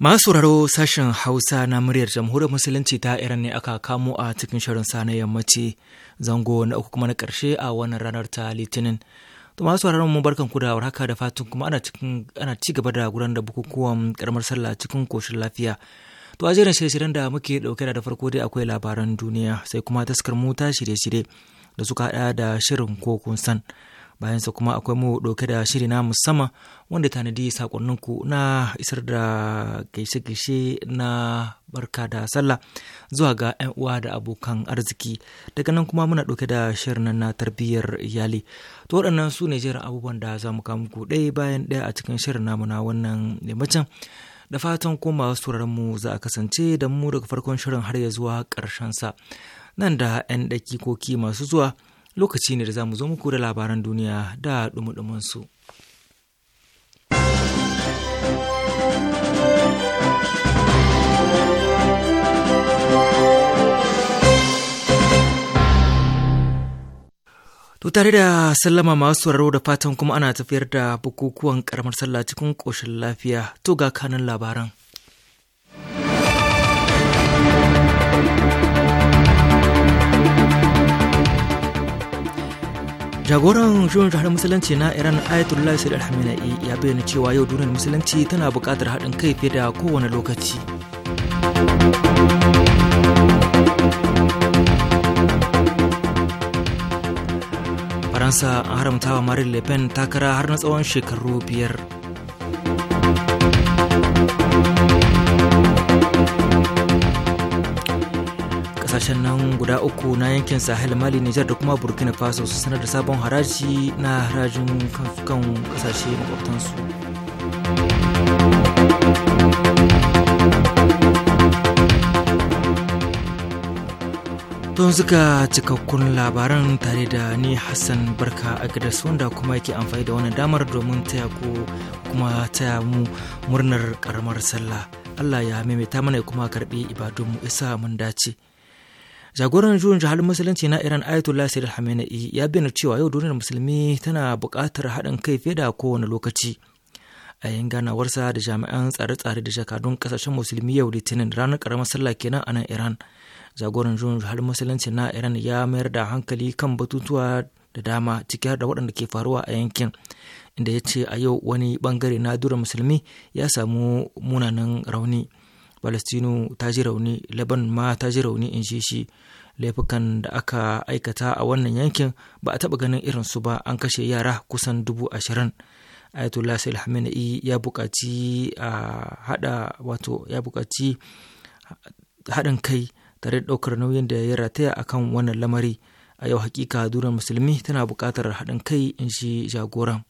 Masu raro sashen Hausa na muryar Jamhuriyar Musulunci ta Iran ne aka kamo a cikin shirin sa na yammaci zango na uku kuma na karshe a wannan ranar ta Litinin. To masu sauraron mu barkan ku da warhaka da fatan kuma ana cikin ci gaba da guran da bukukuwan karamar sallah cikin koshin lafiya. To a jerin shirye-shiryen da muke dauke da farko dai akwai labaran duniya sai kuma taskar mu ta shirye-shirye da suka haɗa da shirin ko kun san. bayan sa kuma akwai mu ɗauke da shiri na musamman wanda tanadi sakonninku na isar da gaishe-gaishe na barka da sallah zuwa ga 'yan uwa da abokan arziki daga nan kuma muna ɗauke da shirin na tarbiyyar iyali to waɗannan su ne jerin abubuwan da za mu kawo muku ɗaya bayan ɗaya a cikin shirin namu na wannan limacin da fatan koma wasu mu za a kasance da mu daga farkon shirin har ya zuwa ƙarshen sa nan da 'yan daki-koki masu zuwa lokaci ne da za mu zo muku da labaran duniya da dumudumansu. To tare da sallama masu sauraro da fatan kuma ana tafiyar da bukukuwan karamar sallah cikin ƙoshin lafiya to ga kanan labaran. jagoran shirin jihar musulunci na iran ayatollah said alhaminai ya bayyana cewa yau duniyar musulunci tana bukatar haɗin kai fiye da kowane lokaci faransa an haramta wa marin le pen takara har na tsawon shekaru biyar kasashen guda uku na yankin sahel mali nijar da kuma burkina faso su sanar da sabon haraji na harajin kan kasashe makwabtansu don suka cikakkun labaran tare da ni hassan barka a gadas wanda kuma yake amfani da wani damar domin taya ku kuma taya mu murnar karamar sallah allah ya maimaita mana kuma karbi ibadunmu isa mun dace jagoran juyin jihar musulunci na iran ayatollah sayyid hamenei ya bayyana cewa yau duniyar musulmi tana buƙatar haɗin kai fiye da kowane lokaci a yin ganawarsa da jami'an tsare-tsare da jakadun ƙasashen musulmi yau litinin ranar ƙaramar sallah kenan a nan iran jagoran juyin jihar musulunci na iran ya mayar da hankali kan batutuwa da dama ciki har da waɗanda ke faruwa a yankin inda ya ce a yau wani bangare na dura musulmi ya samu munanan rauni palestino ta ji rauni laban ma ta ji rauni in shi shi laifukan da aka aikata a wannan yankin ba a taɓa ganin irin su ba an kashe yara kusan dubu ashirin ayatollah sa'il hamenei ya buƙaci a hada wato ya buƙaci haɗin kai tare da ɗaukar nauyin da ya rataya a kan wannan lamari a yau hakika duran musulmi tana buƙatar haɗin kai in shi jagoran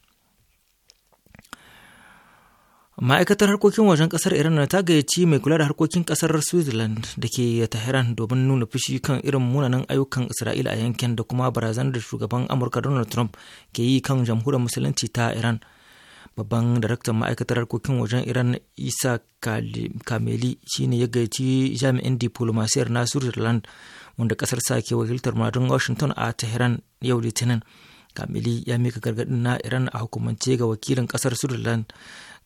ma'aikatar harkokin wajen kasar iran ta gayyaci mai kula da harkokin kasar switzerland da ke tehran domin nuna fushi kan irin munanan ayyukan isra'ila a yankin da kuma barazanar da shugaban amurka donald trump ke yi kan jamhuriyar musulunci ta iran babban daraktan ma'aikatar harkokin wajen iran isa kameli shine ya gayyaci jami'in diplomasiyar na switzerland wanda kasar sa ke wakiltar madun washington a tehran yau litinin kameli ya mika gargadin na iran a hukumance ga wakilin kasar switzerland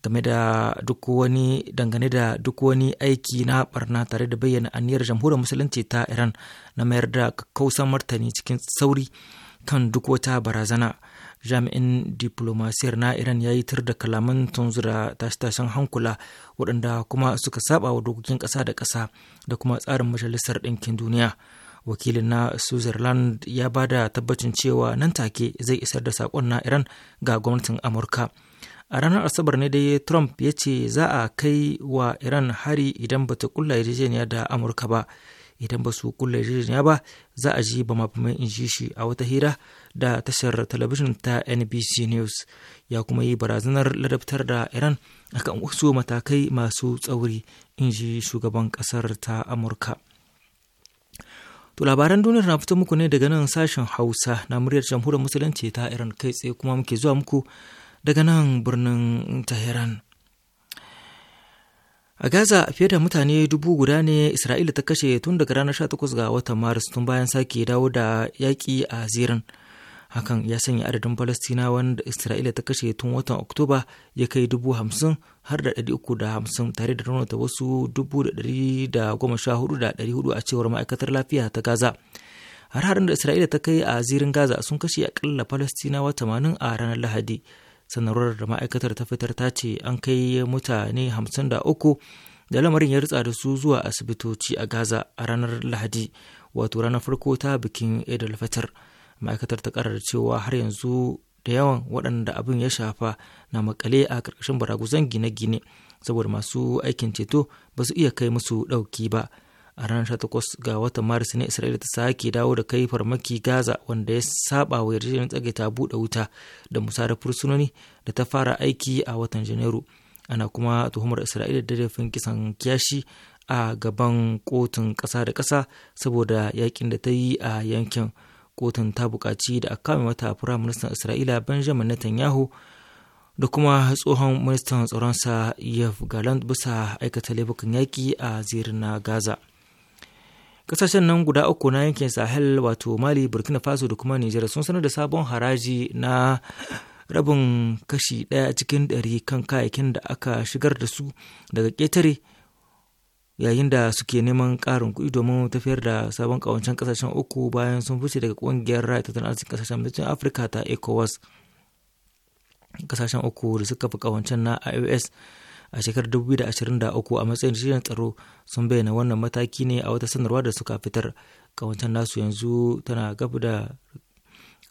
game da duk wani dangane da duk wani aiki na barna tare da bayyana aniyar jamhuriyar musulunci ta iran na mayar da kausan martani cikin sauri kan duk wata barazana jami'in diplomasiyar na iran ya yi tar da kalaman tunzura tashe-tashen hankula waɗanda kuma suka saba wa dokokin ƙasa da ƙasa da kuma tsarin majalisar ɗinkin duniya wakilin na switzerland ya ba da tabbacin cewa nan take zai isar da saƙon na iran ga gwamnatin amurka a ranar asabar ne dai trump ya ce za a kai wa iran hari idan ba ta kulla yarjejeniya da amurka ba idan ba su kulla yarjejeniya ba za a ji ba mafamai in ji shi a wata hira da tashar talabijin ta nbc news ya kuma yi barazanar ladabtar da iran akan wasu matakai masu tsauri in ji shugaban kasar ta amurka To labaran duniyar na fito muku ne daga nan sashen Hausa na muryar jamhuriyar musulunci ta Iran kai tsaye kuma muke zuwa muku daga nan birnin teheran A Gaza fiye da mutane dubu guda ne Isra'ila ta kashe tun daga ranar 18 ga watan Maris tun bayan sake dawo da yaƙi a zirin. Hakan ya sanya adadin Falastina wanda Isra'ila ta kashe tun watan Oktoba ya kai dubu hamsin har da ɗari uku da hamsin tare da raunata wasu dubu da ɗari da goma sha hudu da ɗari hudu a cewar ma'aikatar lafiya ta Gaza. Har harin da Isra'ila ta kai a zirin Gaza sun kashe akalla Falastinawa tamanin a ranar Lahadi. sanarwar da ma'aikatar ta fitar ta ce an kai mutane 53 da lamarin ya ritsa da su zuwa asibitoci a gaza a ranar lahadi wato ranar farko ta bikin idul fitr ma'aikatar ta karar cewa har yanzu da yawan waɗanda abin ya shafa na makale a karkashin baraguzan gine-gine saboda masu aikin ceto ba su iya kai musu ɗauki ba a ranar 18 ga watan maris ne isra'ila ta sake dawo da kai farmaki gaza wanda ya saba wa yarjejeniyar tsage ta buɗe wuta da musayar fursunoni da ta fara aiki a watan janairu ana kuma tuhumar isra'ila da dafin kisan kiyashi a gaban kotun ƙasa da ƙasa saboda yakin da ta yi a yankin kotun ta buƙaci da a kame mata ministan isra'ila benjamin netanyahu da kuma tsohon ministan tsaronsa Yev Galant bisa aikata laifukan yaƙi a zirin na Gaza. kasashen nan guda uku na yankin sahel wato mali burkina faso da kuma nijar sun sanar da sabon haraji na rabin kashi daya cikin ɗari kan kayayyakin da aka shigar da su daga ƙetare yayin da suke neman ƙarin kuɗi domin tafiyar da sabon ƙawancen kasashen uku bayan sun fice daga ƙungiyar rai tattalin arzikin kasashen mutum afirka ta ecowas kasashen uku da suka fi ƙawancen na ios a shekarar 2023 a matsayin shirin tsaro sun bayyana wannan mataki ne a wata sanarwa da suka fitar kawancan nasu yanzu tana gab da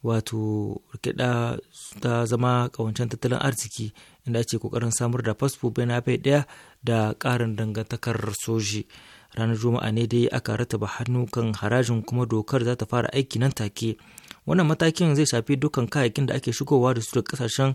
wato rikida ta zama kawancan tattalin arziki inda ake kokarin samar da fasfo bayan bai daya da karin dangantakar soji ranar juma'a ne dai aka rataba hannu kan harajin kuma dokar za ta fara aiki nan take wannan matakin zai shafi dukkan kayayyakin da ake shigowa da su daga kasashen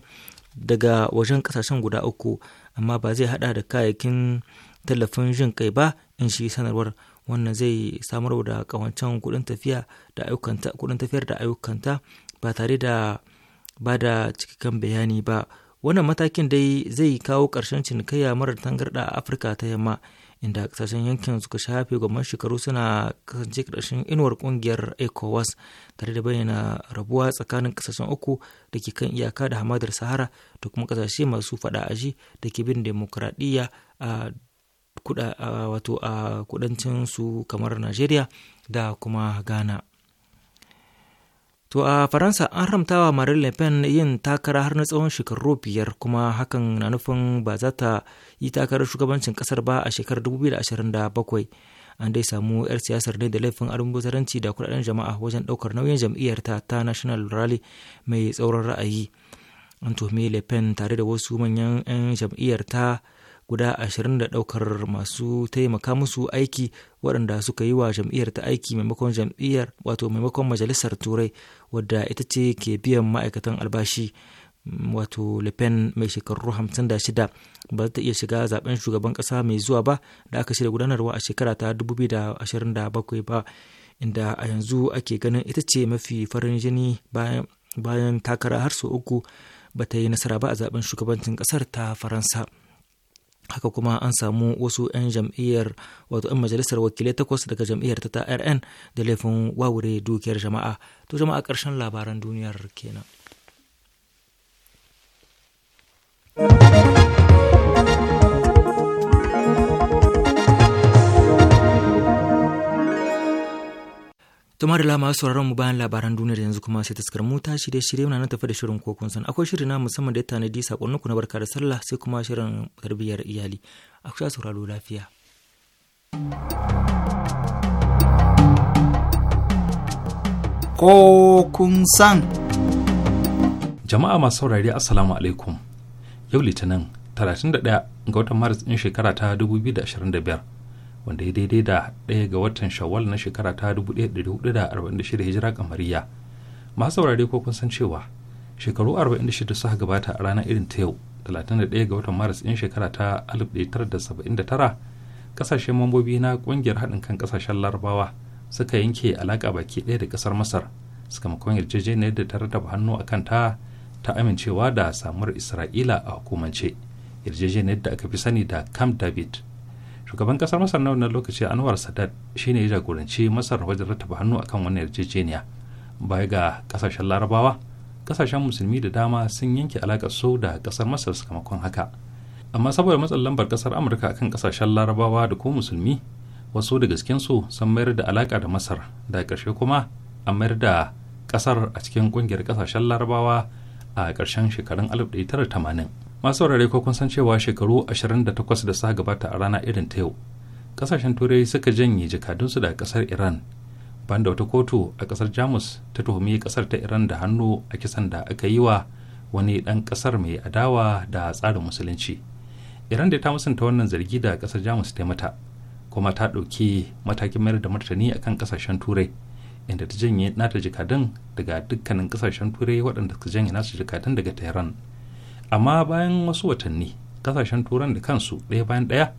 daga wajen kasashen guda uku amma ba zai hada da kayayyakin tallafin jin kai ba in shi sanarwar wannan zai samar da kawancen kudin tafiya da ayyukanta kudin tafiyar da ayyukanta ba tare da ba da cikakken bayani ba wannan matakin dai zai kawo ƙarshen cinikayya marar tangarɗa a afirka ta yamma inda kasashen yankin suka shafe gwamnan shekaru suna kasance ƙarshen inuwar kungiyar ecowas tare da bayyana rabuwa tsakanin kasashen uku da ke kan iyaka da hamadar sahara da kuma kasashe masu faɗa aji da ke bin demokuraɗiyya a kudancin su kamar najeriya da kuma ghana To a Faransa an haramtawa Marine Le Pen yin takara har na tsawon shekaru biyar kuma hakan na nufin ba za ta yi takarar shugabancin kasar ba a shekarar 2027. An dai samu 'yar siyasar ne da laifin almubazzaranci da kudaden jama'a wajen daukar nauyin jam'iyyarta ta National Rally mai tsauran ra'ayi. An tuhumi Le Pen tare da wasu manyan 'yan ta guda ashirin da ɗaukar masu taimaka musu aiki waɗanda suka yi wa jam'iyyar ta aiki maimakon jam'iyyar wato maimakon majalisar turai wadda ita ce ke biyan ma'aikatan albashi mm, wato le pen mai shekaru 56 ba ta iya shiga zaben shugaban kasa mai zuwa ba da aka shirya gudanarwa a shekara ta 2027 ba inda a yanzu ake ganin ita ce mafi farin jini bayan takara har sau uku ba ta yi nasara ba a zaben shugabancin kasar ta faransa haka kuma an samu wasu 'yan jam'iyyar wato 'yan majalisar wakilai takwas daga jam'iyyar ta rn da laifin wawure dukiyar jama'a to jama'a ƙarshen labaran duniyar kenan Tumar da lama sauraron mu bayan labaran duniya yanzu kuma sai taskar mu ta shirye shirye muna nan tafi da shirin ko kun san akwai shiri na musamman da ya tanadi sakonnin ku na barka da sallah sai kuma shirin tarbiyyar iyali a kusa sauraro lafiya. Ko kun san. Jama'a masu saurari Assalamu alaikum. Yau Litinin 31 ga watan Maris ɗin shekara ta 2025 wanda ya daidai da ɗaya ga watan shawwal na shekara ta 1446 hijira kamariya masu saurare ko kun san cewa shekaru 46 suka gabata a ranar irin ta yau 31 ga watan maris ɗin shekara ta 1979 kasashen mambobi na ƙungiyar haɗin kan ƙasashen larabawa suka yanke alaƙa baki ɗaya da ƙasar masar sakamakon yarjejeniyar da ta rataba hannu a ta ta amincewa da samuwar isra'ila a hukumance yarjejeniyar da aka fi sani da camp david shugaban kasar masar na wannan lokaci anwar sadat shine ya jagoranci masar wajen rattaba hannu akan wannan yarjejeniya baya ga kasashen larabawa kasashen musulmi da dama sun yanke alakar su da kasar masar sakamakon haka amma saboda matsalar lambar kasar amurka akan kasashen larabawa da ko musulmi wasu da gaskensu sun mayar da alaka da masar da ƙarshe kuma an mayar da kasar a cikin ƙungiyar kasashen larabawa a ƙarshen shekarun 1980 masu saurare ko kun san cewa shekaru 28 da suka gabata a rana irin ta yau kasashen turai suka janye jikadunsu daga kasar iran banda wata kotu a kasar jamus ta tuhumi kasar ta iran da hannu a kisan da aka yi wa wani dan kasar mai adawa da tsarin musulunci iran da ta musanta wannan zargi da kasar jamus ta mata kuma ta ɗauki matakin mayar da martani akan kasashen turai inda ta janye nata jikadun daga dukkanin kasashen turai waɗanda suka janye nasu jikadun daga tehran amma bayan wasu watanni kasashen turan da kansu ɗaya bayan ɗaya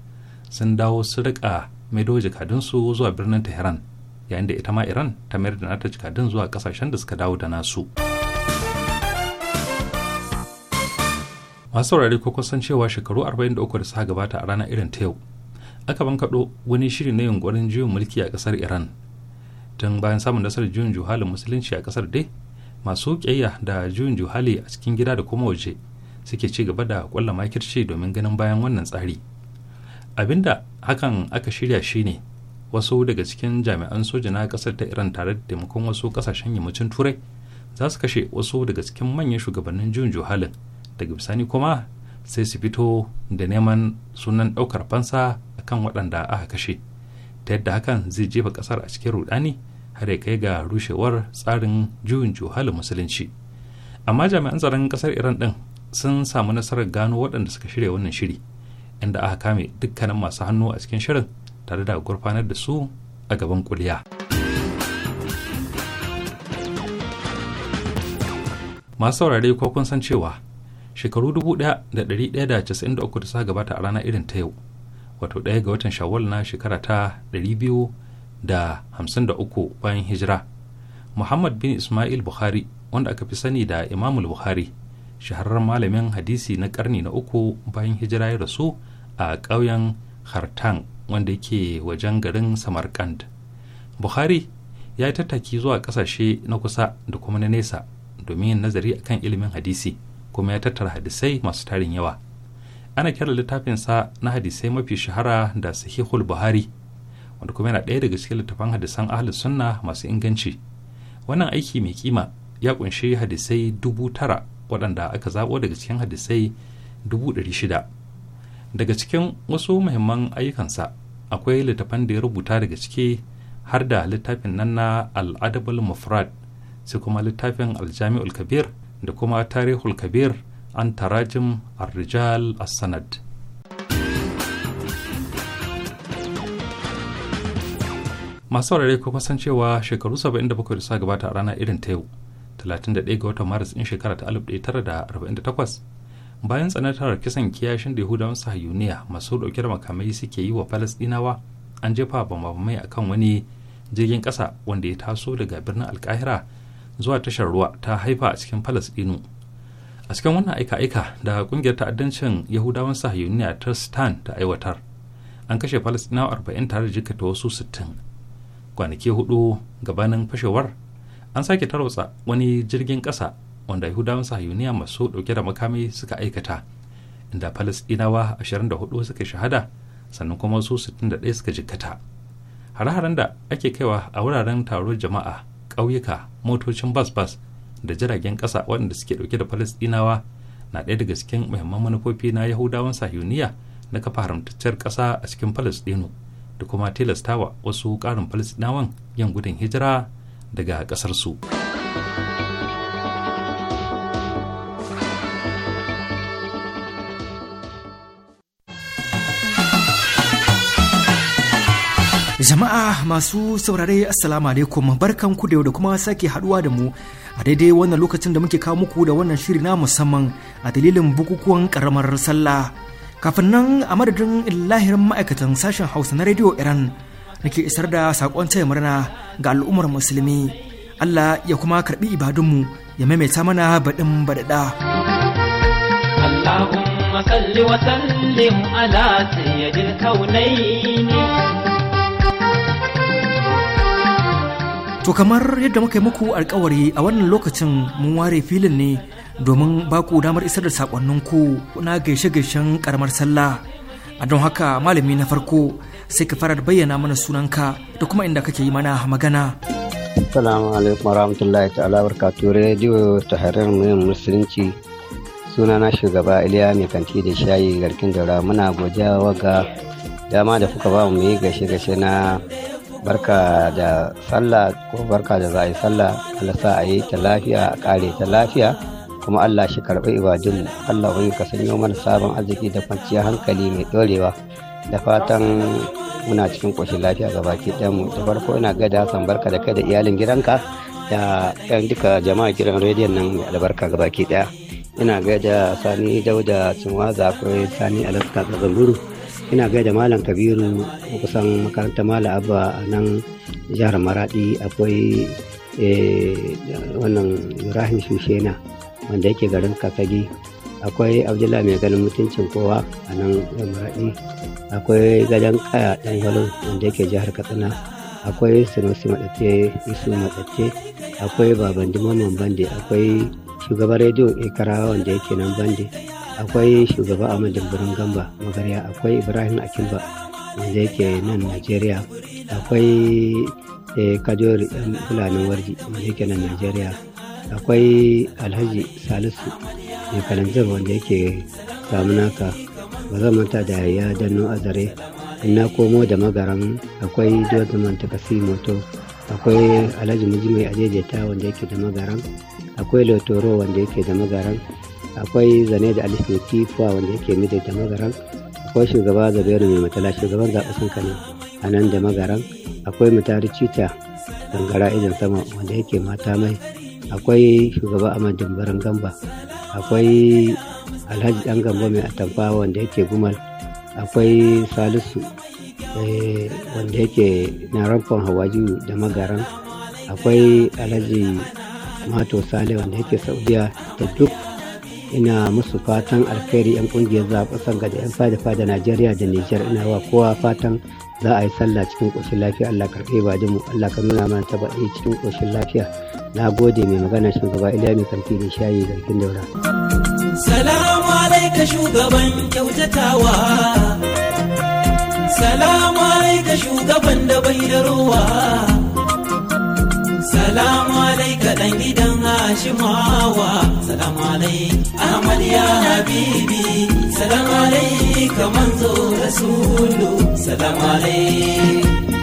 sun dawo su rika maido jikadunsu zuwa birnin tehran yayin da ita ma iran ta mayar da nata jikadun zuwa kasashen da suka dawo da nasu masu saurari ko kusan cewa shekaru 43 da suka gabata a ranar irin ta yau aka bankaɗo wani shiri na yunkurin juyin mulki a ƙasar iran tun bayan samun nasarar juyin juhalin musulunci a ƙasar dai masu ƙiyayya da juyin juhali a cikin gida da kuma waje suke ci gaba da kwalla makirci domin ganin bayan wannan tsari abinda hakan aka shirya shine wasu daga cikin jami'an soja na kasar ta iran tare da taimakon wasu kasashen yammacin turai za su kashe wasu daga cikin manyan shugabannin juyin juhalin daga bisani kuma sai su fito da neman sunan ɗaukar fansa a kan waɗanda aka kashe ta yadda hakan zai jefa ƙasar a cikin rudani har ya kai ga rushewar tsarin juyin juhalin musulunci amma jami'an tsaron ƙasar iran ɗin sun samu nasarar gano waɗanda suka shirya wannan shiri inda aka kame dukkanin masu hannu a cikin shirin tare da gurfanar da su a gaban kuliya. masu saurari ko kun san cewa shekaru 1193 da da suka gabata a rana irin ta yau wato ɗaya ga watan shawwal na shekara ta biyu da 253 bayan hijira muhammad bin ismail buhari wanda aka fi sani da imamul buhari. shahararren malamin hadisi na karni na uku bayan hijira ya rasu a ƙauyen hartan wanda yake wajen garin samarkand buhari ya yi tattaki zuwa ƙasashe na kusa da kuma na nesa domin yin nazari akan ilimin hadisi kuma ya tattara hadisai masu tarin yawa ana kira littafinsa na hadisai mafi shahara da sahihul buhari wanda kuma yana ɗaya daga cikin littafan hadisan ahlus sunna masu inganci wannan aiki mai kima ya ƙunshi hadisai dubu tara waɗanda aka zaɓo daga cikin hadisai dubu ɗari shida daga cikin wasu muhimman ayyukansa akwai littafan da ya rubuta daga ciki har da littafin nan na al'adabul mufrad sai kuma littafin aljami'ul kabir da kuma tarihul kabir an tarajim arrijal asanad. masu saurare kuma san cewa shekaru saba'in da suka gabata a rana irin ta yau 31 ga watan maris ɗin shekara ta 1948 bayan tsanatar kisan kiyashin da yahudawan sahayuniya masu dauke da makamai suke yi wa falastinawa an jefa bambamai akan wani jirgin kasa wanda ya taso daga birnin alkahira zuwa tashar ruwa ta haifa a cikin falasɗinu a cikin wannan aika-aika da ƙungiyar ta'addancin yahudawan sahayuniya ta stan ta aiwatar an kashe falastinawa 40 tare da jikata wasu 60 kwanaki hudu gabanin fashewar an sake tarwasa wani jirgin ƙasa wanda yahudawan sahayuniya masu ɗauke da makami suka aikata inda falasɗinawa 24 suka shahada sannan kuma su 61 suka jikkata hare-haren da ake kaiwa a wuraren taron jama'a ƙauyuka motocin bas-bas da jiragen ƙasa waɗanda suke ɗauke da falasɗinawa na ɗaya daga cikin muhimman manufofi na yahudawan sahiyuniya na kafa haramtacciyar ƙasa a cikin falasɗinu da kuma tilastawa wasu ƙarin falasɗinawan yin gudun hijira daga ƙasarsu. Jama'a masu saurare Assalamu alaikum barkan ku da yau da kuma sake haduwa da mu a daidai wannan lokacin da muke kawo muku da wannan shiri na musamman a dalilin bukukuwan karamar sallah kafin nan a madadin lahirin ma'aikatan sashen hausa na rediyo iran da isar da sakon taya murna ga al'ummar musulmi Allah ya kuma karɓi ibadunmu ya maimaita mana baɗin baɗaɗa. Allahumma salli wa sallim ala sayyidil kaunaini To kamar yadda muka yi muku alkawari a wannan lokacin mun ware filin ne domin baku damar isar da sakonninku na gaishe-gaishen karamar sallah a don haka malami na farko sai ka fara bayyana mana sunanka da kuma inda kake yi mana magana. salamu alaikum warahmatullahi ta'ala barkatu rediyo ta harar muyin musulunci Suna na shugaba Iliya mai kanti da shayi garkin daura muna godiya waga dama da kuka ba mu yi gashe gashe na barka da sallah ko barka da za'a yi sallah alasa sa a yi ta lafiya a kare ta lafiya kuma Allah shi karɓi ibadun Allah wani ka sanyo mana sabon arziki da kwanciyar hankali mai ɗorewa da fatan muna cikin ƙoshin lafiya ga baki mu da farko ina gada hasan barka da kai da iyalin gidanka da yan duka jama'a gidan rediyon nan mai albarka ga baki ɗaya ina da sani dauda cinwaza akwai sani alaska tsazamburu ina gada malam kabiru kusan makarantar malam abba a nan jihar maradi akwai eh, wannan ibrahim shushena wanda yake garin kakagi akwai abdullahi mai ganin mutuncin kowa a nan akwai gadon kaya ɗan yalo wanda yake jihar katsina akwai sinusi matsatse isu matsatse akwai baban dimaman bande akwai shugaban rediyo ikara wanda yake nan bande akwai shugaba ahmad dimbirin gamba magarya akwai ibrahim akimba wanda yake nan najeriya akwai eh, kajori ɗan fulanin warji wanda yake nan najeriya akwai alhaji salisu mai kalanzar wanda yake samunaka ba zan manta da ya a zare na komo da magaran akwai dozaman takasi moto akwai alhaji miji mai ajejeta wanda yake da magaran akwai lotoro wanda yake da magaran akwai zane da mai kifuwa wanda yake midai da magaran akwai shugaba da bayar mai matala shugaban zaɓen kane a nan da magaran akwai mutari cita gangara idan sama wanda yake mata mai akwai shugaba a dimbaran gamba akwai alhaji dan gamba mai atamfa wanda yake gumal akwai salisu eh, wanda yake na ramfon hawaji da magaran akwai alhaji mato sale wanda yake saudiya da duk ina musu fatan alkhairi 'yan kungiyar kusan ga da 'yan fada-fada najeriya da nijar ina wa kowa fatan za a yi sallah cikin ƙoshin lafiya allah karɓe ba mu allah ka nuna mana tabaɗi cikin ƙoshin lafiya na gode mai magana shugaba iliya mai kamfe da shayi garkin daura. salamu alaika shugaban kyautatawa salamu alaika shugaban da bai da ruwa Salamu alaika dan gidan Hashimawa, salamu alaika Ahmad ya Habibi, salamu alaika manzo Rasulu, salamu alaika.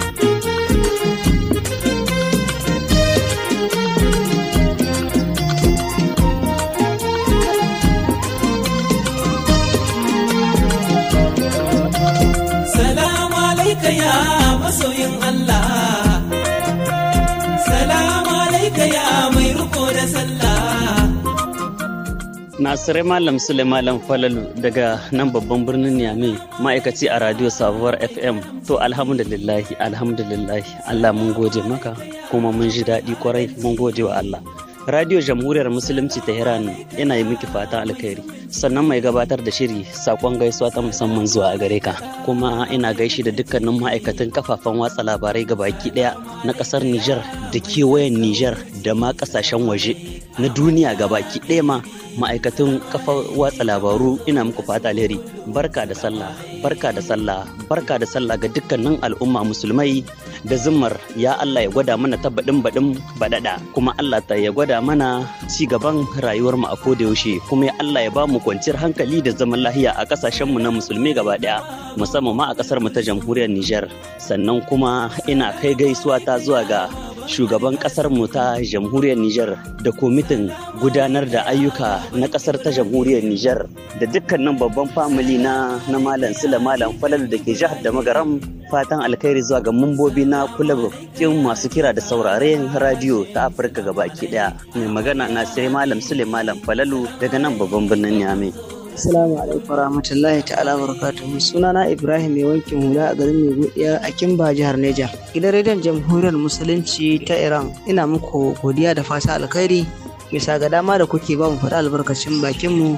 Nasirai Malam Sule Malam Falalu daga nan babban birnin Niamey ma'aikaci a Radio Sabuwar FM. To alhamdulillahi alhamdulillahi Allah mun gode maka kuma mun ji daɗi kwarai mun gode wa Allah. Radio Jamhuriyar Musulunci ta Hirani yana yi miki fatan alkhairi. Sannan mai gabatar da shiri sakon gaisuwa ta musamman zuwa a gare ka. Kuma ina gaishe da dukkanin ma'aikatan kafafen watsa labarai gabaki ɗaya na ƙasar Nijar da kewayen Nijar da ma kasashen waje na duniya gabaki ɗaya ma ma'aikatan kafar watsa labaru ina muku fata alheri barka da sallah barka da sallah barka da sallah ga dukkanin al'umma musulmai da zumar ya Allah ya gwada mana ta baɗin baɗin baɗaɗa kuma Allah ta ya gwada mana ci gaban rayuwar mu a koda yaushe kuma ya Allah ya ba mu kwanciyar hankali da zaman lahiya a kasashen mu na musulmi gaba ɗaya musamman ma a kasar mu ta jamhuriyar Nijar sannan kuma ina kai gaisuwa ta zuwa ga shugaban kasar mu ta jamhuriyar Nijar da komitin gudanar da ayyuka na kasar ta jamhuriyar Nijar da dukkanin babban famili na na Malam Sula Malam Falal da ke jihar da Magaram fatan alkhairi zuwa ga mambobi na kulab kin masu kira da sauraren radio ta Afirka gabaki daya. Mai magana na sai Malam Sule Malam Falalu daga nan babban birnin Niamey. Assalamu alaikum warahmatullahi ta'ala barakatuhu. Sunana Ibrahim mai wankin hula a garin Maigodiya a Kimba jihar Neja. Gidan rediyon Jamhuriyar Musulunci ta Iran ina muku godiya da fata alkhairi bisa ga dama da kuke ba mu faɗa albarkacin bakin mu.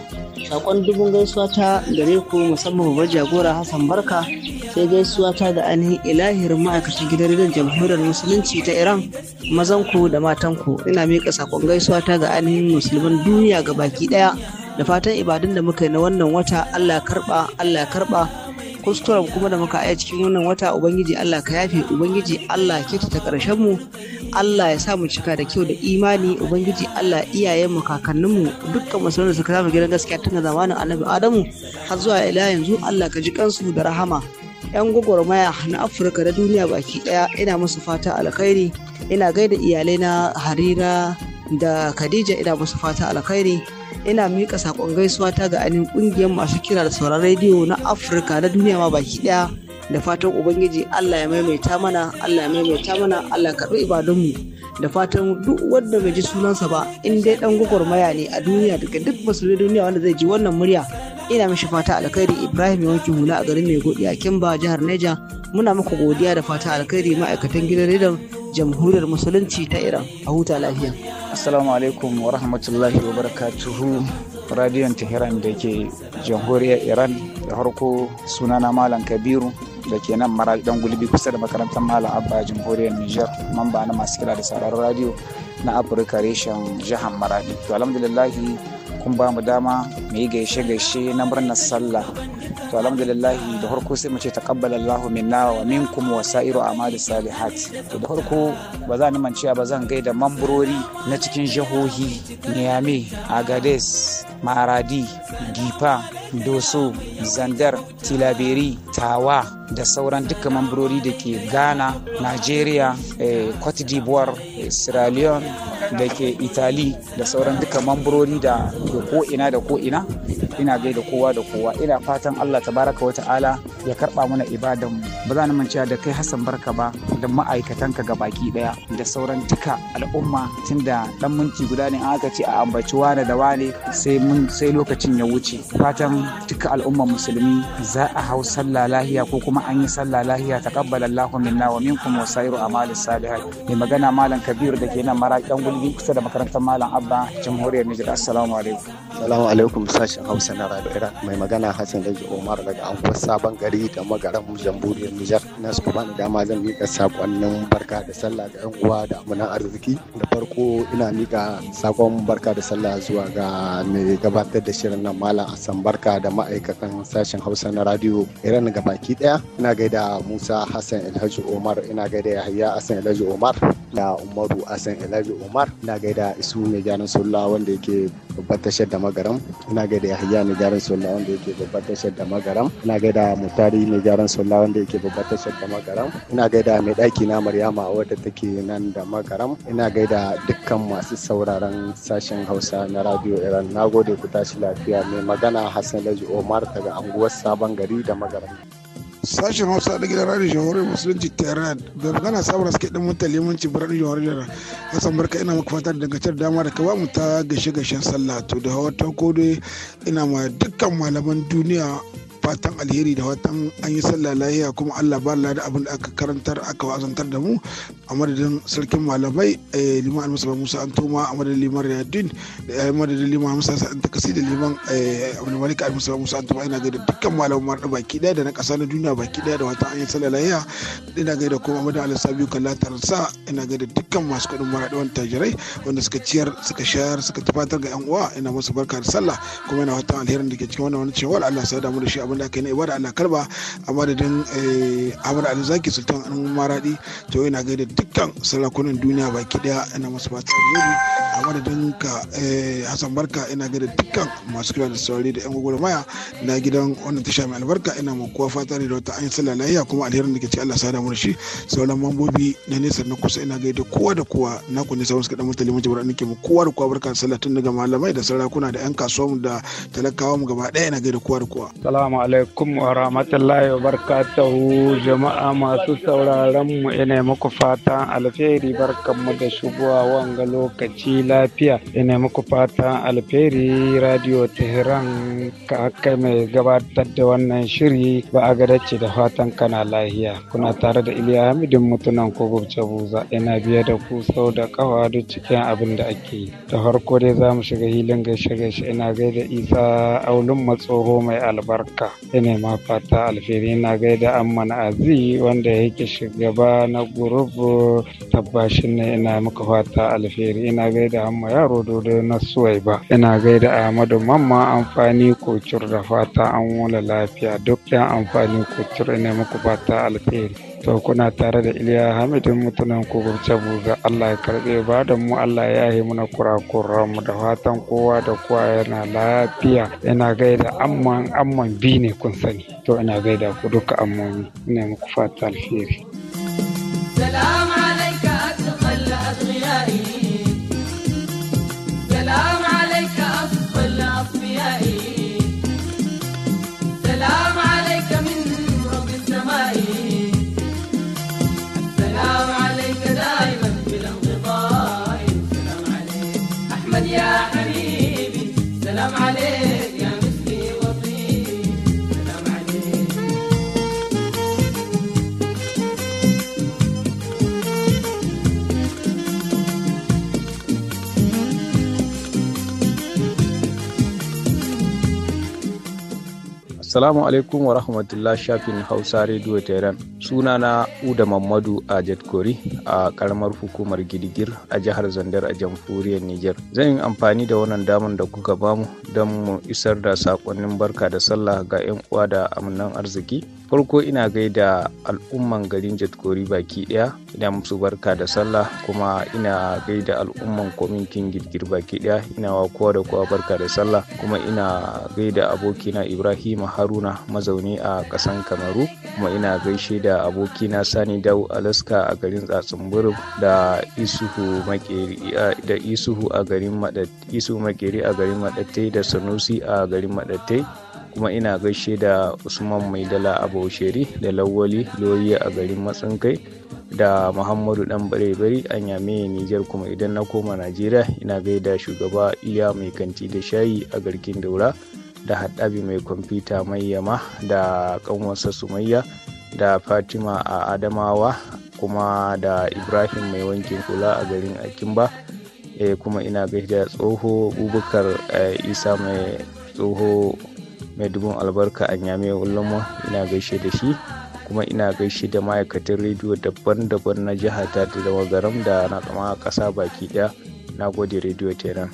Sakon dubun gaisuwa ta gare ku musamman babbar jagora Hassan Barka sai gaisuwa ta da ainihin ilahir ma'aikacin gidan rediyon Jamhuriyar Musulunci ta Iran mazanku da matanku ina miƙa sakon gaisuwa ta ga ainihin musulman duniya ga baki ɗaya. da fatan ibadun da muka yi na wannan wata Allah karba Allah karba kuskuren kuma da muka aya cikin wannan wata ubangiji Allah ka yafe ubangiji Allah ke ta karshen mu Allah ya sa mu cika da kyau da imani ubangiji Allah iyayen mu kakannin mu dukkan musulmai da suka samu gidan gaskiya tun zamanin Annabi Adamu har zuwa ila yanzu Allah ka ji kansu da rahama 'yan gwagwarmaya na afirka da duniya baki daya ina musu fata alkhairi ina gaida iyalai na harira da khadija ina musu fata alkhairi ina mika sakon gaisuwa ta ga anin kungiyar masu kira da sauran rediyo na afirka na duniya ma baki daya da fatan ubangiji allah ya maimaita mana allah ya maimaita mana allah karɓi ibadunmu da fatan duk wanda bai ji sunansa ba in dai dan gwagwarmaya ne a duniya daga duk musulmi duniya wanda zai ji wannan murya ina mishi fata alkhairi ibrahim ya wanke hula a garin mai godiya kimba jihar neja muna muku godiya da fata alkhairi ma'aikatan gidan rediyon jamhuriyar musulunci ta iran a huta lafiya assalamu alaikum wa rahmatullahi wa barakatuhu radiyon tehran da ke jamhuriyar iran da harko sunana malam kabiru da ke nan mara dan gulbi kusa da makarantar malam abba jamhuriyar niger mamba na masu kira da sauraron radio na afirka reshen jihar maradi to alhamdulillahi kun ba mu dama mu yi gaishe-gaishe na murnar sallah to alhamdulillahi da harko sai mu ce ta Allahu minna wa minkum wa sa'iru da salihat to da harko ba za ni manciya ba zan gaida mamburori na cikin jihohi Niamey Agades Maradi gifa Doso Zandar Tilaberi Tawa da sauran duka mamburori da ke Ghana Nigeria eh, Cote d'Ivoire eh, Sierra Leone da ke Italy da sauran duka mamburori da ke ko ina da ko ina ina gaida kowa da kowa ina fatan Allah tabaraka wa ta'ala ya karba mana ibadan mu ba za mun da kai Hassan Barka ba da ma'aikatanka ga baki daya da sauran duka al'umma tunda dan minti guda ne an aka ce a ambaci wane da wane sai mun sai lokacin ya wuce fatan duka al'umma musulmi za a hau sallah lahiya ko kuma an yi sallah lahiya taqabbal Allahu minna wa minkum wa sairu amali salihat mai magana malam Kabir da ke nan maraƙin gulbi kusa da makarantar malam Abba jamhuriyar Nijar assalamu alaikum Salamu alaikum sashen Hausa na Radio Iran mai magana Hassan Daji Umar daga anguwar Sabon Gari da magaran Jamhuriyar Nijar. Na su bani dama zan mika sakonnin barka da sallah ga 'yan uwa da amunan arziki. Da farko ina miƙa sakon barka da sallah zuwa ga mai gabatar da shirin nan Malam Hassan Barka da ma'aikatan sashen Hausa na Radio Iran ga baki daya Ina gaida Musa Hassan Elhaji Umar, ina gaida Yahaya Hassan Elhaji Umar da Umaru Hassan Elhaji Umar, ina gaida Isu Mai Gyaran Sulla wanda yake babbar tashar da magaram ina gaida yahaya mai gyaran sola wanda yake babbar tashar da magaram ina gaida mutari mai gyaran sola wanda yake babbar tashar da magaram ina gaida mai ɗaki na maryama wadda take nan da magaram ina gaida dukkan masu sauraron sashen hausa na radio iran na gode ku tashi lafiya mai magana hassan laji omar daga anguwar sabon gari da magaram sashen hausa da gidan rajin jamhuriyar musulunci tehran da magana sabar suke dan mutane limanci birnin jamhuriyar hassan barka ina maka da dangantar dama da ka bamu mu ta gashe gashen sallah to da hawa ta kodai ina ma dukkan malaman duniya fatan alheri da watan an yi sallah lahiya kuma Allah ba da abin da aka karantar aka wazantar da mu a madadin sarkin malamai eh, liman almasa musa an toma a madadin liman riyadin da eh, madadin liman musa an takasi da liman eh, malika almasa musa an toma ina gaida dukkan mara da baki daya da na kasa na duniya baki daya da watan an yi sallah lahiya ina gaida kuma madadin alisabiyu kallatar sa ina gaida dukkan masu kuɗin maraɗi tajirai wanda suka ciyar suka shayar suka tufatar ga yan uwa ina musu barka da sallah kuma ina watan alherin da ke cikin wannan wani cewa Allah sa da damu da shi abin abin da aka yi na ibada ana karba a madadin eh, Ahmad Ali Zaki Sultan an Maradi to yana gaida dukkan sarakunan duniya baki daya ina masu ta yi a madadin ka eh, hasan Barka ina gaida dukkan masu kira da saurari da yan maya na gidan wannan tasha mai albarka ina mu kowa fata da wata an sallah lafiya kuma alherin da ke ci Allah sada mu da shi sauran mambobi na nesa na kusa ina gaida kowa da kowa na ku ne sauran suka dan mutali mun jibran nake mu kowa da kowa barka da sallah tun daga malamai da sarakuna da yan kasuwa da talakawa mu gaba daya ina gaida kowa da kowa Assalamu alaikum wa rahmatullahi wa barkatahu jama'a masu sauraron mu ina muku fatan alheri barkanmu da shigowa wanga lokaci lafiya ina muku fatan alheri radio Tehran ka kai mai gabatar da wannan shiri ba a gadace da fatan kana lahiya kuna tare da Iliya Hamidin mutunan ko buza ina biya da ku sau da kawa duk cikin abin da ake yi. da farko dai za mu shiga hilin gaishe gaishe ina gaida Isa aulun matsoho mai albarka haka ina ma fata alfiri na gaida amman azi wanda ya yake shugaba na gurubu tabbashin ne ina muka fata alfiri ina gaida amma yaro dodo na suwai ba ina gaida ahmadu mamma amfani kucur da fata an wula lafiya duk yan amfani kucur ina muku fata alfiri to kuna tare da iliya hamidin mutunan cebu ga allah ya karbe ba da mu allah ya yi muna kurakuran mu da fatan kowa da kowa yana lafiya ina gaida amman amman bi ne kun sani to ina gaida ku duka amman ina muku fata alheri السلام عليكم ورحمة الله شافي من حوساري دو تيران suna na uda mamadu a jetkori a karamar hukumar girgir a jihar zandar a jamhuriyar niger zan yi amfani da wannan damar da kuka bamu don mu isar da sakonnin barka da sallah ga 'yan uwa da amnan arziki farko ina gaida al'umman garin jetkori baki daya ina musu barka da sallah kuma ina gaida al'umman kwamitin girgir baki daya ina wa kowa da kowa barka da sallah kuma ina gaida abokina ibrahim haruna mazauni a kasan kamaru kuma ina gaishe da abokina sani dau alaska a garin tsatsunburu da isuhu makeri da isuhu a garin makeri a garin madatte da sanusi a garin madatte kuma ina gaishe da usman mai dala a bausheri da lawali loyi a garin matsinkai da muhammadu dan bare a an yame nijar kuma idan na koma najeriya ina gaida shugaba iya mai kanti da shayi a garkin daura da haɗabi mai kwamfuta mai yama da ƙanwarsa sumayya da fatima a adamawa kuma da ibrahim mai wankin kula a garin akimba eh, kuma ina gaida tsoho bubukar eh, isa mai tsoho mai dubin albarka a nyame ulama ina gaishe da shi kuma ina gaishe da ma'aikatan rediyo daban-daban na jihata da magaram da na kama ƙasa baki ɗaya na gode rediyo kenan.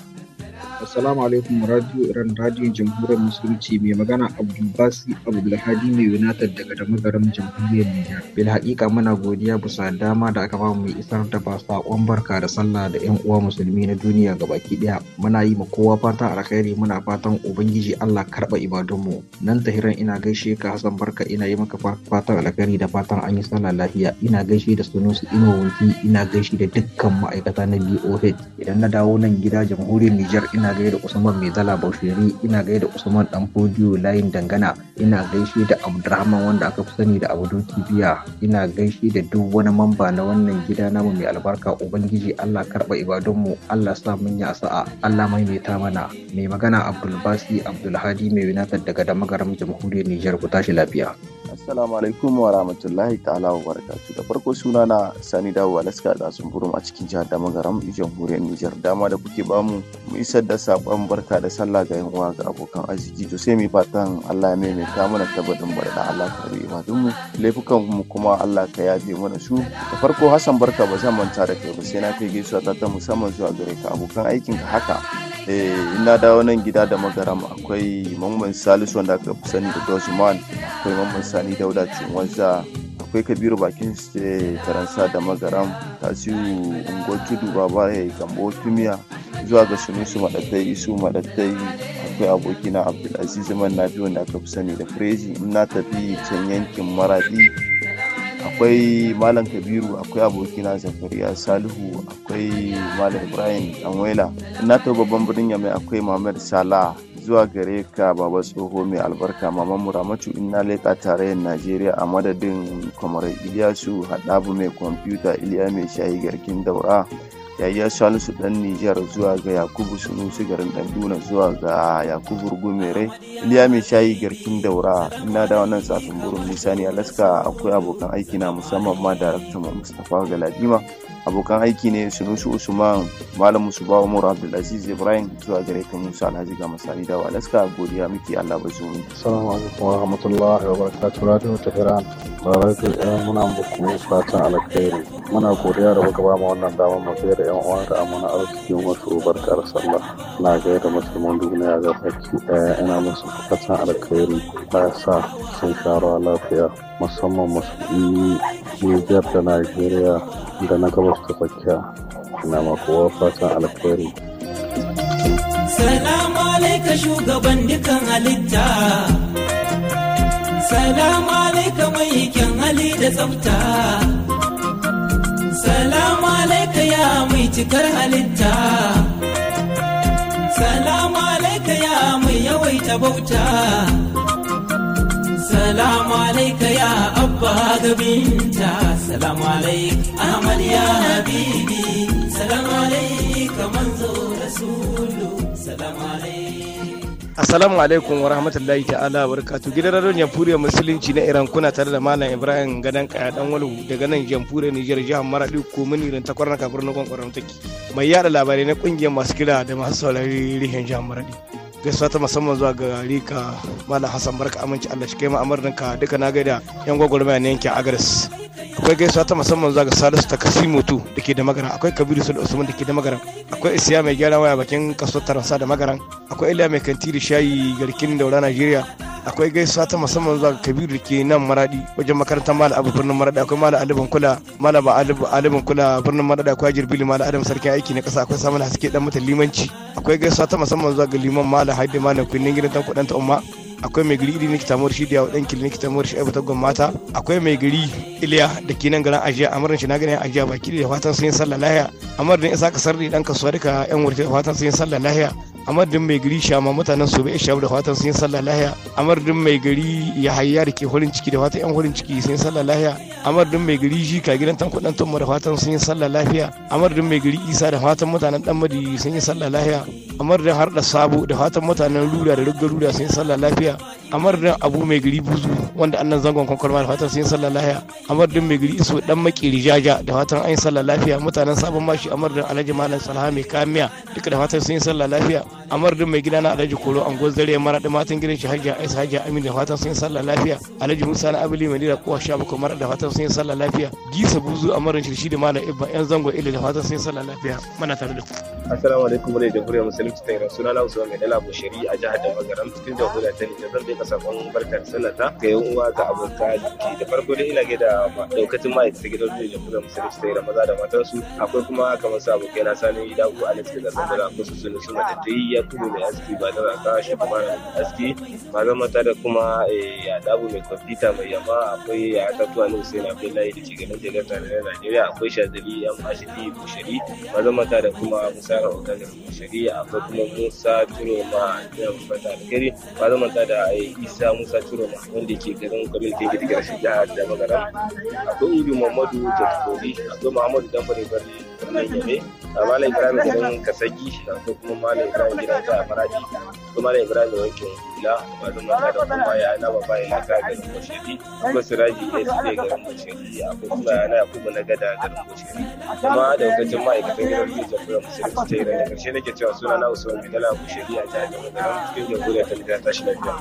Assalamu alaikum radio Iran radio jamhuriyar musulunci mai magana Abdulbasi Abdulhadi mai yunatar daga da magaram jamhuriyar Nijar. Bil haƙiƙa muna godiya bisa dama da aka bamu mai isar da ba saƙon barka da sallah da 'yan uwa musulmi na duniya gabaki ɗaya. Muna yi ma kowa fatan alkhairi muna fatan ubangiji Allah karɓa ibadunmu. Nan tahiran ina gaishe ka Hassan Barka ina yi maka fatan alkhairi da fatan an yi sallah lafiya. Ina gaishe da Sunusi Inuwa ina gaishe da dukkan ma'aikata na BOH. Idan na dawo nan gida jamhuriyar Nijar ina ina da Usman Mai zala Baushiri, ina da Usman Dan Fodiyo Layin Dangana, ina gaishe da Abdurrahman wanda aka fi sani da Abu Biya, ina gaishe da duk wani mamba na wannan gida namu mai albarka Ubangiji Allah karɓa ibadunmu, Allah sa mun yi asa'a, Allah maimaita mana. Mai magana Abdulbasi Abdulhadi mai United daga damagaram jamhuriyar Nijar ku tashi lafiya. Assalamu alaikum wa rahmatullahi ta'ala wa barakatu. Da farko suna na Sani Dawo Alaska da sun a cikin jihar Damagaram jamhuriyar Nijar. Dama da kuke bamu mu isar da sakon barka da sallah ga yan ga abokan arziki to sai mu fatan Allah ya maimaita mana tabbatin bar da Allah ka yi ibadun mu. Laifukan mu kuma Allah ka yafe mana su. Da farko Hassan barka ba zan manta da kai ba sai na kai gaisuwa ta ta musamman zuwa gare ka abokan aikin ka haka. Eh ina da nan gida da magaram akwai Mamman Salisu wanda aka fi sani da Dosman akwai Mamman sani dauda cinwanza akwai kabiru bakin faransa da magaram tasiru ungo tudu baba ya eh, gambo tumiya zuwa ga sunusu madattai isu madattai akwai abokina abdulaziz man na wanda aka fi sani da crazy in na tafi can yankin maradi akwai malam kabiru akwai abokina zakariya salihu akwai malam ibrahim anwela in na tafi babban birnin yamai akwai muhammad salah zuwa gare ka baba tsoho mai albarka maman muramatu ina leƙa tarayyar najeriya a madadin kwamar iliyasu haɗabu mai kwamfuta iliya mai shayi garkin daura yayya salisu dan nijar zuwa ga yakubu sigarin garin danduna zuwa ga yakubu rugumere iliya mai shayi garkin daura ina da wannan safin burin nisa ne alaska akwai abokan aiki na musamman ma darakta mustapha galadima abokan aiki ne sunusu usman malam musubawa mura abdulaziz ibrahim zuwa gare ka musa alhaji ga masani dawa alaska godiya miki allah ba zuwa salamu alaikum wa rahmatullahi wa barakatuh radio tehran tare da yan muna muku fatan alkhairi muna godiya da baka ba mu wannan damar mu kai da yan uwa da amana arziki musu barkar sallah na ga da musulman duniya ga baki daya ina musu fatan alkhairi ya sa sun sharuwa lafiya musamman musulmi Nijar da Najeriya da na gabas ta tsakiya na makowa fatan alkhairi. Salamu alaikum shugaban dukan halitta. Salamu alaikum mai hali da tsafta. Salamu alaikum ya mai cikar halitta. Salamu alaikum ya mai yawaita bauta. salamu عليك يا abba ga binta salamu alaik ahmad ya habibi salamu alaika manzo rasulu salamu alaik Assalamu alaikum wa rahmatullahi ta'ala wa barakatu. Gidan radon Jamhuriyar Musulunci na Iran kuna tare da Malam Ibrahim Gadan Kaya Dan Walu daga nan Jamhuriyar Niger jihar Maradi komin Iran ta kwarna kabar na kwankwaron take. Mai yada labarai na kungiyar masu kira da masu saurari rihin jihar Maradi. gaisuwa ta musamman zuwa ga rika malam hassan barka aminci allah shi kai ma amurninka duka na gaida yan gwagwarmaya na yankin agres akwai gaisuwa ta musamman zuwa ga salisu ta kasimutu da ke da magaran akwai kabiru sul usman da ke da magaran akwai isiya mai gyara waya bakin kaso taransa da magaran akwai iliya mai kantiri shayi garkin daura najeriya akwai gaisuwa ta musamman zuwa kabiru ke nan maradi wajen makarantar Malam abu birnin maradi akwai malam alibin kula Malam alibin kula birnin maradi akwai jirbili Malam adam sarkin aiki na kasa akwai samun haske dan mutan limanci akwai gaisuwa ta musamman zuwa ga liman malam haidai malam kunnin gidan tan kudan ta umma akwai mai gari irin kita murshi da dan kilin kita murshi ai batagon mata akwai mai gari iliya da ke nan garin ajiya amarin shi na ganin ajiya baki da fatan sun yi sallah lahiya amarin isa ka sarri dan kasuwa duka yan wurce fatan sun yi sallah lahiya amardin mai gari shama mutanen su bai shabu da fatan sun yi sallah lahiya amardin mai gari ya hayya da ke horin ciki da fatan yan horin ciki sun yi sallah lahiya amardin mai gari ji ka gidan tankudan tumma da fatan sun yi sallah lafiya amardin mai gari isa da fatan mutanen dan madi sun yi sallah lahiya amar da har da sabo da fatan mutanen lura da rugga lura sun sallah lafiya amar da abu mai gari buzu wanda annan zangon kwankwalma da fatan sun sallah lafiya amar da mai gari iso dan maki rijaja da fatan an sallah lafiya mutanen sabon mashi amar da alhaji malam salha mai kamiya duka da fatan sun sallah lafiya amar da mai gida na alhaji koro an zare mara da matan gidan shi hajja aisha hajja amin da fatan sun sallah lafiya alhaji musa na abuli mai da kowa sha bakwai mara da fatan sun sallah lafiya gisa buzu amarin shirshi da malam ibba yan zango ila da fatan sun sallah lafiya mana tare da ku assalamu alaikum wa rahmatullahi musulunci ta suna na usman mai dala bushiri a jihar da magaram cikin jamhuriyar ta nijar zan bai ka sakon barkar sanata ga yan uwa ga abokan aiki da farko dai ina da daukacin ma'aikata gidan da jamhuriyar musulunci ta maza da matansu akwai kuma kamar su abokai na sani ku alex daga zandara ko su sunu suna da dai ya tuba mai aski ba da raka shi kuma aski ba zan mata da kuma ya eh, dabu mai kwamfuta mai yamma akwai ya ta tuwa ne fi layi da ke ganin jagar na najeriya akwai shazali yan mashidi bushari ba zan mata da kuma musa rahoton bushari a da kuma musa turoma jihar fata alkhairi ba da isa musa turoma wanda ke garin kwamitin gidigar shi jihar da magana bari yame a malam ibrahim garin kasagi akwai kuma malam ibrahim gidan ta faraji malam ibrahim wankin ba da kuma ya na ya siraji ya garin kuma ya na na gada garin kuma da lokacin ma'aikatan gidan rediyo jamhuriyar musulunci ta iran da karshe nake cewa sunana Usman Bidala ku shirya ta da magana ta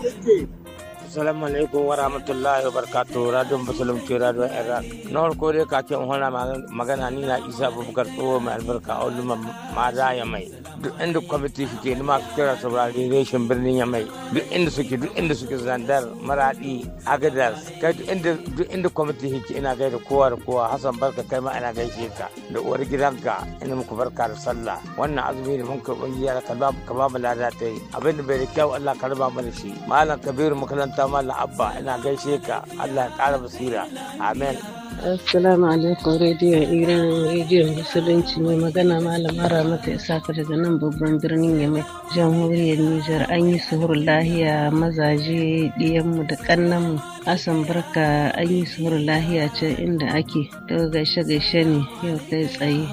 Assalamu alaikum wa rahmatullahi wa barakatu radon Musulun ke Na farko dai kafin hona magana ni na Isa Abubakar Tsoho mai albarka a ma Mada ya mai. duk inda kwamiti suke ni kira saurari reshen birnin yamai duk inda suke duk inda suke zandar maradi agadar kai duk inda duk inda kwamiti suke ina gaida kowa da kowa hasan barka kai ma ina gaishe ka da uwar gidanka ina muku barka da sallah wannan azumi da mun ka kungiya ka ba ka ba lada ta yi abin da bai da kyau Allah ka raba mana shi malam kabiru makaranta malam abba ina gaishe ka Allah ya kara basira amen Assalamu alaikum rediyo Iran radio Musulunci mai magana malama Ramata ya saka daga nan babban birnin Yamai jamhuriyar Nijar an yi suhur lahiya mazaje ɗiyanmu da ƙannanmu asan barka an yi suhur lahiya can inda ake daga gaishe gaishe ne yau kai tsaye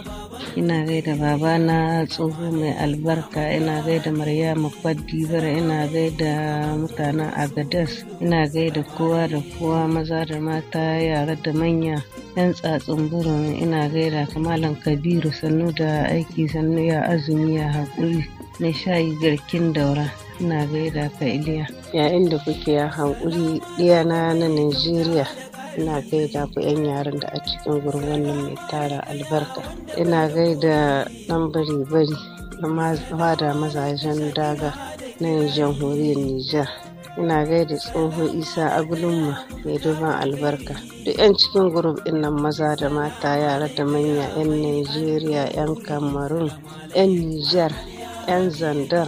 ina gaida babana tsoho mai albarka ina gaida maryama kwadibar ina gaida mutanen agadas ina gaida kowa da kowa maza da mata yara da manya yan tsatsun burin ina gaida kamalan kabiru sannu da aiki sannu ya azumi ya haƙuri na shayi garkin daura ina gaida ka iliya yayin da kuke ya haƙuri iya na nigeria ina gaida ku 'yan yaran da a cikin gurin wannan mai tara albarka ina gaida dan bari-bari na fada mazajen daga na jamhuriyar nijar ina gaida tsoho isa a agulumma mai duban albarka duk 'yan cikin gurub din nan maza da mata yara da manya 'yan nigeria 'yan Kamarun, 'yan nijar 'yan zandar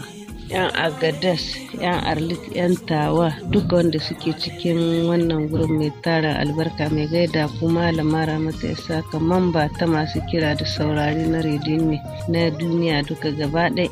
'yan agadas 'yan arlit 'yan tawa duka wanda suke cikin wannan gurin mai tara albarka mai gaida kuma lamara mata ya saka mamba ta masu kira da saurari na rediyo na duniya duka gaba ɗaya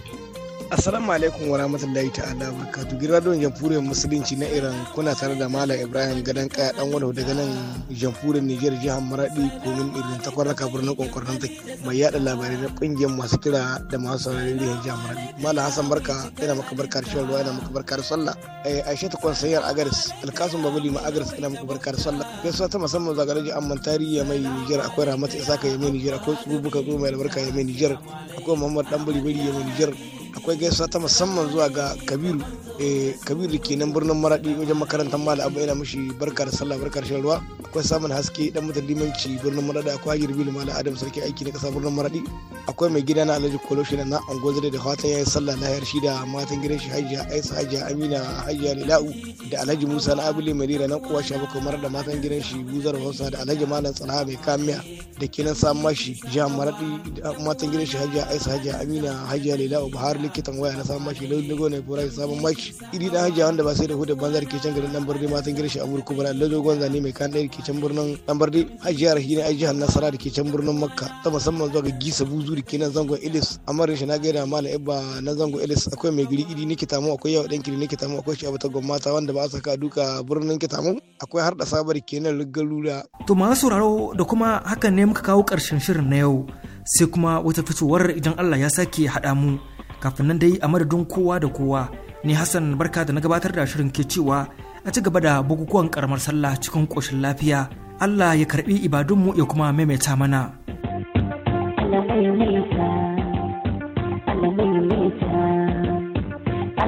Assalamu alaikum wa rahmatullahi ta'ala barkatu. Gidan don jamhuriyar musulunci na Iran kuna tare da Malam Ibrahim Gadan Kaya dan walau daga nan jamhuriyar Niger jihar Maradi komin Irin ta kwarraka birnin Konkordon ta mai yada labarai na kungiyar masu kira da masu sauraron da jihar Maradi. Malam Hassan Barka ina maka barkar shan ruwa ina maka barkar sallah. Eh Aisha ta konsayyar Agaris Alkasum Babali ma Agaris ina maka barkar sallah. Gaisuwa ta musamman zagare ji amman tarihi mai Niger akwai Ramatu Isa ya mai Niger akwai Tsubuka Tsubu mai albarka ya mai Nijar akwai Muhammad Dan Buri Buri mai akwai gaisuwa ta musamman zuwa ga kabiru eh, kabiru ke nan birnin maradi wajen makarantar mala abu yana mushi barka da sallah barkar da shan ruwa akwai samun haske dan mutan limanci birnin maradi akwai hajji bilu mala adam sarki aiki na kasa birnin maradi akwai mai gida na alhaji koloshi na angozare da fatan yi sallah lahiyar shi da matan gidan shi hajiya aisa hajiya amina hajiya lila'u da alhaji musa na abule madina nan kuwa shafa mara da matan gidan shi buzar hausa da alhaji malam tsalaha mai kamiya da kenan samun mashi jihar maradi da matan gidan shi hajiya aisa hajiya amina hajiya lila'u buhari likitan waya na sabon maki lulu lugo ne fura sabon maki idi dan hajiya wanda ba sai da hudu banzar ke can garin dai matan girshi abur kubra lalo gonza ne mai kan ɗaya ke can birnin lambardi hajiya rahina a jihar nasara da ke can birnin makka ta musamman zuwa ga gisa buzu da ke nan zangon ilis amma rashin na gaida na ibba na zangon ilis akwai mai giri idi nikita mu akwai yawa ɗan kiri nikita mu akwai shi abu ta wanda ba a saka duka birnin kita mu akwai har da sabar ke nan lugalula. to masu sauraro da kuma hakan ne muka kawo ƙarshen shirin na yau sai kuma wata fitowar idan Allah ya sake haɗa mu kafin nan dai a madadin kowa da kowa ni hassan barka da na gabatar da shirin ke cewa a ci gaba da bukukuwan karamar sallah cikin koshin lafiya allah ya karbi ibadunmu ya kuma maimaita mana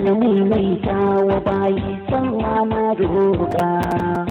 Allah mai mai ta wa bayi sallama roƙa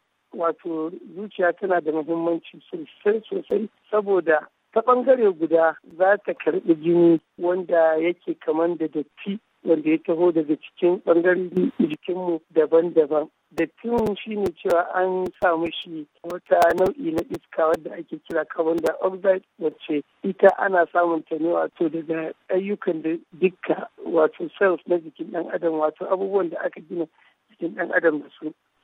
wato zuciya tana da muhimmanci sosai sosai saboda ta ɓangare guda za ta karɓi jini wanda yake kamar da datti wanda ya taho daga cikin ɓangare jikinmu daban-daban dattin shi ne cewa an samu shi wata nau'i na iska wadda ake kira carbon dioxide wacce ita ana samun ta ne wato daga ayyukan da dukka wato cells na jikin ɗan adam wato abubuwan da aka gina jikin ɗan adam da su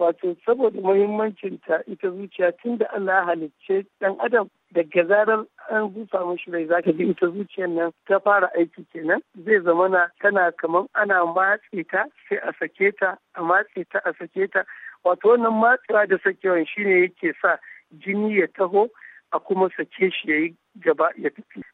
wato saboda ta ita zuciya tun da Allah ya halicce dan adam daga zarar an busa mashi rai zaka ji ita zuciyar nan ta fara aiki kenan zai zama na tana kamar ana matse ta sai a sake ta a matse ta a sake ta wato wannan matsewa da sakewan shine yake sa jini ya taho a kuma sake shi yayi gaba ya tafi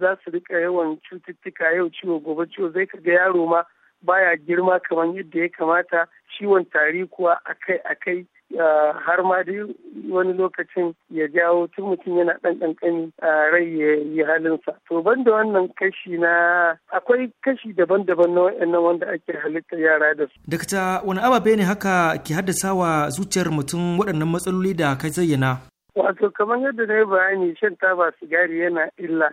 za su rika yawan cututtuka yau ciwo gobe ciwo zai ka ga yaro ma baya girma kamar yadda ya kamata ciwon tari kuwa akai akai har ma dai wani lokacin ya jawo tun mutum yana ɗan ƙanƙani a rai ya yi halinsa. To ban wannan kashi na akwai kashi daban-daban na wa'annan wanda ake halittar yara da su. Dakta wani ababe ne haka ki haddasa wa zuciyar mutum waɗannan matsaloli da ka zayyana? Wato kamar yadda na yi bayani shan taba sigari yana illa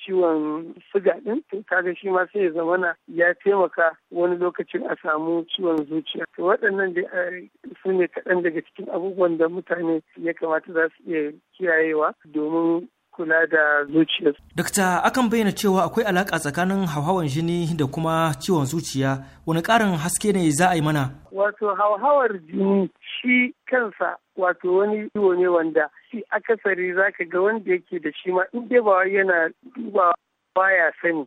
ciwon suga din to kaga shi ma sai ya zamana ya taimaka wani lokacin a samu ciwon zuciya to waɗannan da eh, su ne kaɗan daga cikin abubuwan da mutane ya kamata za su iya kiyayewa domin kula da zuciya. Dokta akan bayyana cewa akwai alaka tsakanin hauhawar jini da kuma ciwon zuciya wani karin haske ne za a yi mana. Wato hauhawar jini shi kansa wato wani iwo ne wanda shi akasari zaka ga wanda yake da shi ma in dai ba yana dubawa baya sani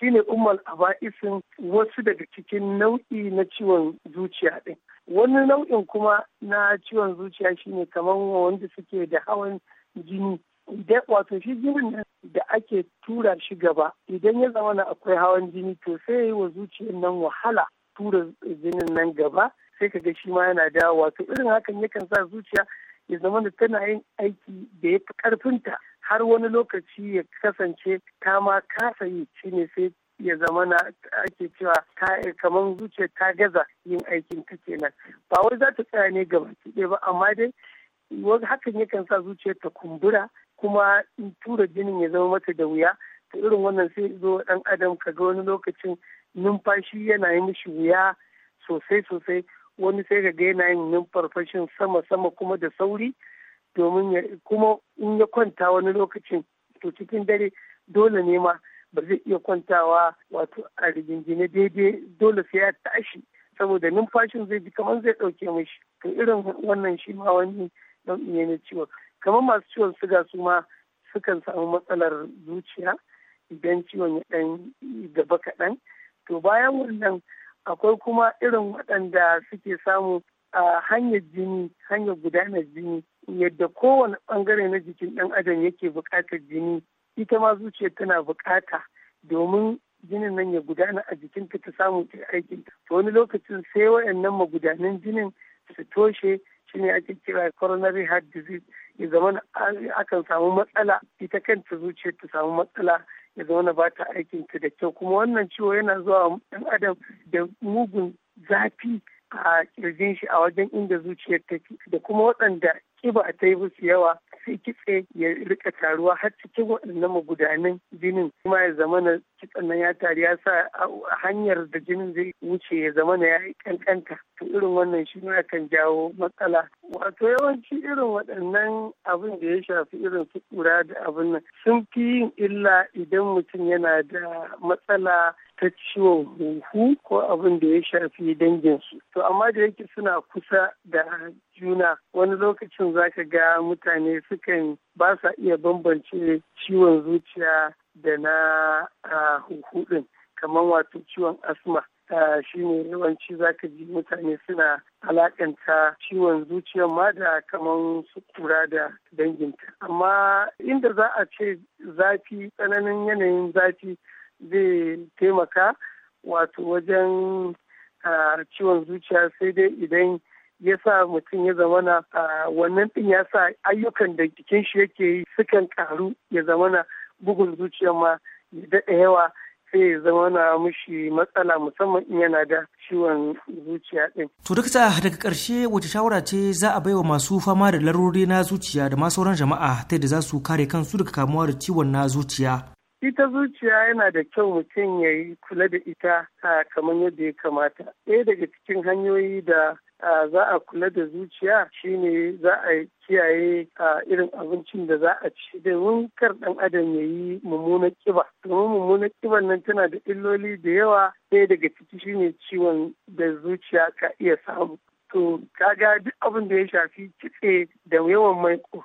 shine ummal aba'isin wasu daga cikin nau'i na ciwon zuciya ɗin wani nau'in kuma na ciwon zuciya shine kamar wanda suke da hawan jini idan wato shi jinin nan da ake tura shi gaba idan ya zama na akwai hawan jini to sai yi wa zuciyar nan wahala tura jinin nan gaba sai ka ga shi ma yana dawo wato. irin hakan yakan sa zuciya ya zama da tana yin aiki da ya fi karfinta har wani lokaci ya kasance ta ma kasa yi shine sai ya zama na ake cewa ta kamar zuciya ta gaza yin aikin ta kenan ba wai za ta tsaya ne ga ɗaya ba amma dai wani hakan yakan sa zuciya ta kumbura kuma tura jinin ya zama mata da wuya ta irin wannan sai zo ɗan adam ka ga wani lokacin numfashi yana yi mishi wuya sosai sosai wani sai ga yana yin numfashin sama sama kuma da sauri domin ya kuma in ya kwanta wani lokacin to cikin dare dole ne ma ba zai iya kwantawa wato a rigingine daidai dole sai ya tashi saboda numfashin zai ji kamar zai ɗauke mashi to irin wannan shi ma wani nau'i ne na ciwon kamar masu ciwon suga su ma sukan samu matsalar zuciya idan ciwon ya dan gaba kaɗan to bayan wannan akwai kuma irin waɗanda suke samu a hanyar jini hanyar gudanar jini yadda kowane bangare na jikin ɗan adam yake buƙatar jini ita ma zuciya tana bukata domin jinin nan ya gudana a jikin ta ta samu ta aikin to wani lokacin sai wayannan magudanan jinin su toshe shine ake kira coronary heart disease ya zama akan samu matsala ita kanta zuciya ta samu matsala ya zama na bata aikin ta da kyau kuma wannan ciwo yana zuwa ɗan adam da mugun zafi a kirjin shi a wajen inda zuciyar take da kuma waɗanda ƙiba ta yi musu yawa sai kitse ya rika taruwa har cikin waɗannan magudanan jinin kuma ya zamana kitsen nan ya taru ya sa hanyar da jinin zai wuce ya zamana ya yi kankanta to irin wannan shi ne kan jawo matsala wato yawanci irin waɗannan abin da ya shafi irin su kura da abin nan sun fi yin illa idan mutum yana da matsala ta ciwon huhu ko abin da ya shafi dangin su to amma da yake suna kusa da juna wani lokacin za ka ga mutane sukan ba sa iya bambance ciwon zuciya da na huhudin kamar wato ciwon asma shi ne yawanci za ka ji mutane suna alakanta ciwon zuciya ma da kamar su kura da danginta amma inda za a ce zafi tsananin yanayin zafi zai taimaka wato wajen ciwon zuciya sai dai idan ya sa mutum ya zamana a wannan din ya sa ayyukan da jikin shi yake yi sukan karu ya zamana bugun zuciya ma ya daɗa yawa sai ya zamana mushi matsala musamman in yana da ciwon zuciya din. To dakta daga karshe wace shawara ce za a baiwa masu fama da larurori na zuciya da ma sauran jama'a ta yadda za su kare kansu daga kamuwa da ciwon na zuciya? ita zuciya yana da kyau mutum ya yi kula da ita kamar yadda ya kamata ɗaya daga cikin hanyoyi da za a kula da zuciya shine za a kiyaye irin abincin da za a ci domin kar ɗan adam ya yi mummunan kiba domin mummunan kiban nan tana da illoli da yawa ɗaya daga ciki shine ciwon da zuciya ka iya samu to kaga duk abin da ya shafi kitse da yawan maiko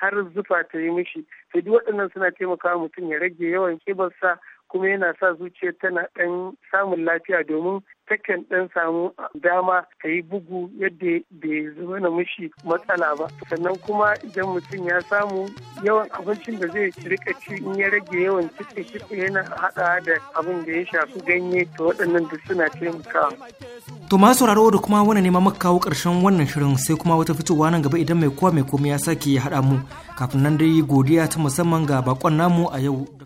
har zufa ta yi mishi sai duk waɗannan suna taimaka mutum ya rage yawan kibarsa kuma yana sa zuciya tana ɗan samun lafiya domin takan ɗan samu dama ta yi bugu yadda bai zama na mushi matsala ba sannan kuma idan mutum ya samu yawan abincin da zai rika ci in ya rage yawan kitse kitse yana haɗa da abin da ya shafi ganye ta waɗannan duk suna taimakawa. to ma sauraro da kuma wani neman maka kawo ƙarshen wannan shirin sai kuma wata fitowa nan gaba idan mai kowa mai komai ya sake ya haɗa mu kafin nan dai godiya ta musamman ga bakon namu a yau